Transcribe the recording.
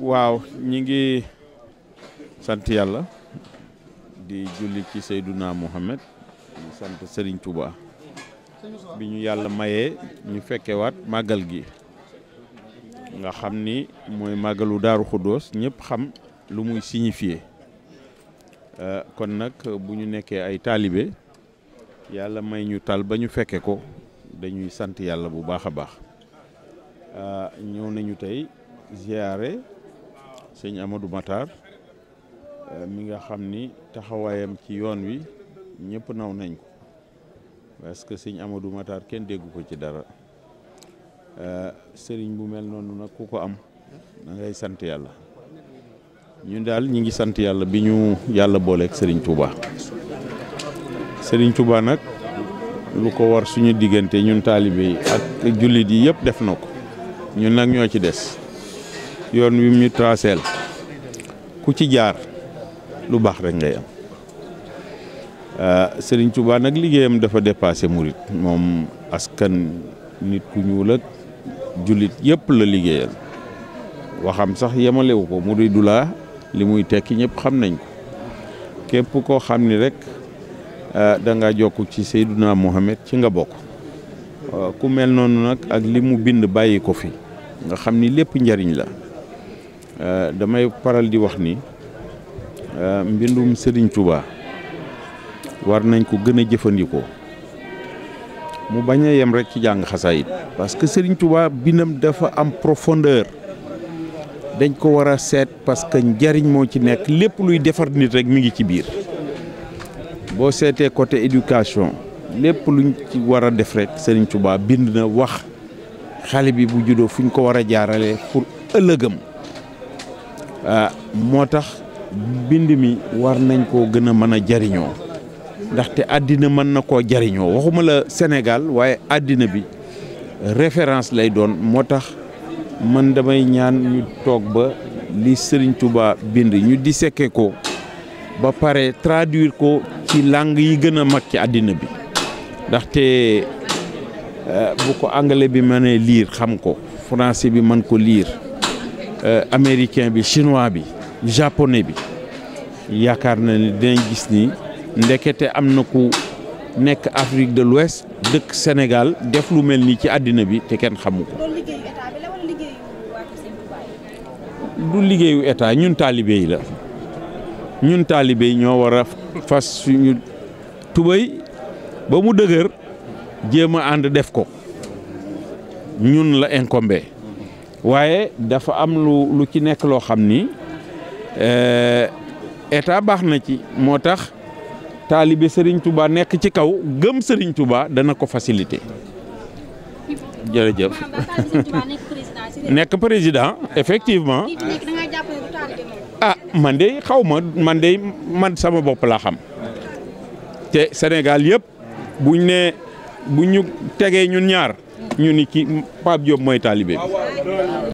waaw ñi ngi sant yàlla di julli ci Seyduna Muhammad di sant sëriñ Touba bi ñu yàlla mayee ñu fekkewaat màggal gi nga xam ni mooy màggalu Daaru Xuddoos ñëpp xam lu muy signifié euh, kon nag bu ñu nekkee ay taalibe yàlla may ñu tal ba ñu fekke ko dañuy sant yàlla bu baax a baax euh, ñëw nañu tey ziyaare sëñ Amadou Matar euh, mi nga xam ni taxawaayam ci yoon wi ñëpp naw nañ ko parce que sëñ Amadou Matar kenn déggu ko ci dara euh, sëriñ bu mel noonu nag ku ko am da sant yàlla ñun daal ñi ngi sant yàlla bi ñu yàlla booleek sëriñ Touba sëriñ Touba nag lu ko war suñu diggante ñun taalibe yi ak jullit yi yëpp def na ko ñun nag ñoo ci des. yoon wi ñu traceel ku ci jaar lu baax rekk ngay am euh, Serigne Touba nag liggéeyam dafa dépassé murit moom askan nit ku ñuul ak jullit yëpp la liggéeyal waxam sax yemalewu ko muridu laa li muy tekki ñëpp xam nañ ko képp koo xam ni rek euh, da nga jokk ci Seyduna Muhammad ci nga bokk euh, ku mel noonu nag ak li mu bind bàyyi ko fi nga xam ni lépp njariñ la Euh, damay paral di wax ni euh, mbindum sëriñ Touba war nañ ko gën a jëfandikoo mu bañ a yem rek ci jàng xasaayit parce que Serigne Touba binam dafa am profondeur dañ ko war a seet parce que njariñ moo ci nekk lépp luy defar nit rek mi ngi ci biir boo seetee côté éducation lépp luñ ci war a def rek Serigne Touba bind na wax xale bi bu juddoo fu ñu ko war a jaarale pour ëllëgam. Euh, moo tax bind mi war nañ koo gën a mën a jariñoo ndaxte àddina mën na koo jariñoo waxuma la Sénégal waaye àddina bi référence lay doon moo tax man damay ñaan ñu toog ba li sëriñ Touba bind ñu di disséquer ko ba pare traduire ko ci làng yi gën a mag ci àddina bi ndaxte euh, bu ko anglais bi mënee liir xam ko français bi mën ko liir Euh, americain bi chinois bi japonais bi yaakaar na ni dinañ gis ni ndekete am na ku nekk Afrique de l'Ouest dëkk senegal def lu mel nii ci àddina bi te kenn xamu ko. du liggéeyu état ñun taalibe yi la ñun taalibe yi ñoo war a fas suñu tubéy ba mu dëgër jéem a ànd def ko ñun la incombé. waaye dafa am lu lu ci nekk loo xam ni eh, état baax na ci moo tax taalibe Serigne Touba nekk ci kaw gëm Serigne Touba dana ko facilité jërëjëf nekk président effectivement ah man de xawma man de man sama bopp laa xam te Sénégal yëpp buñ ne bu ñu tegee ñun ñaar. ñu ni ki Pape Diop mooy taalibe bi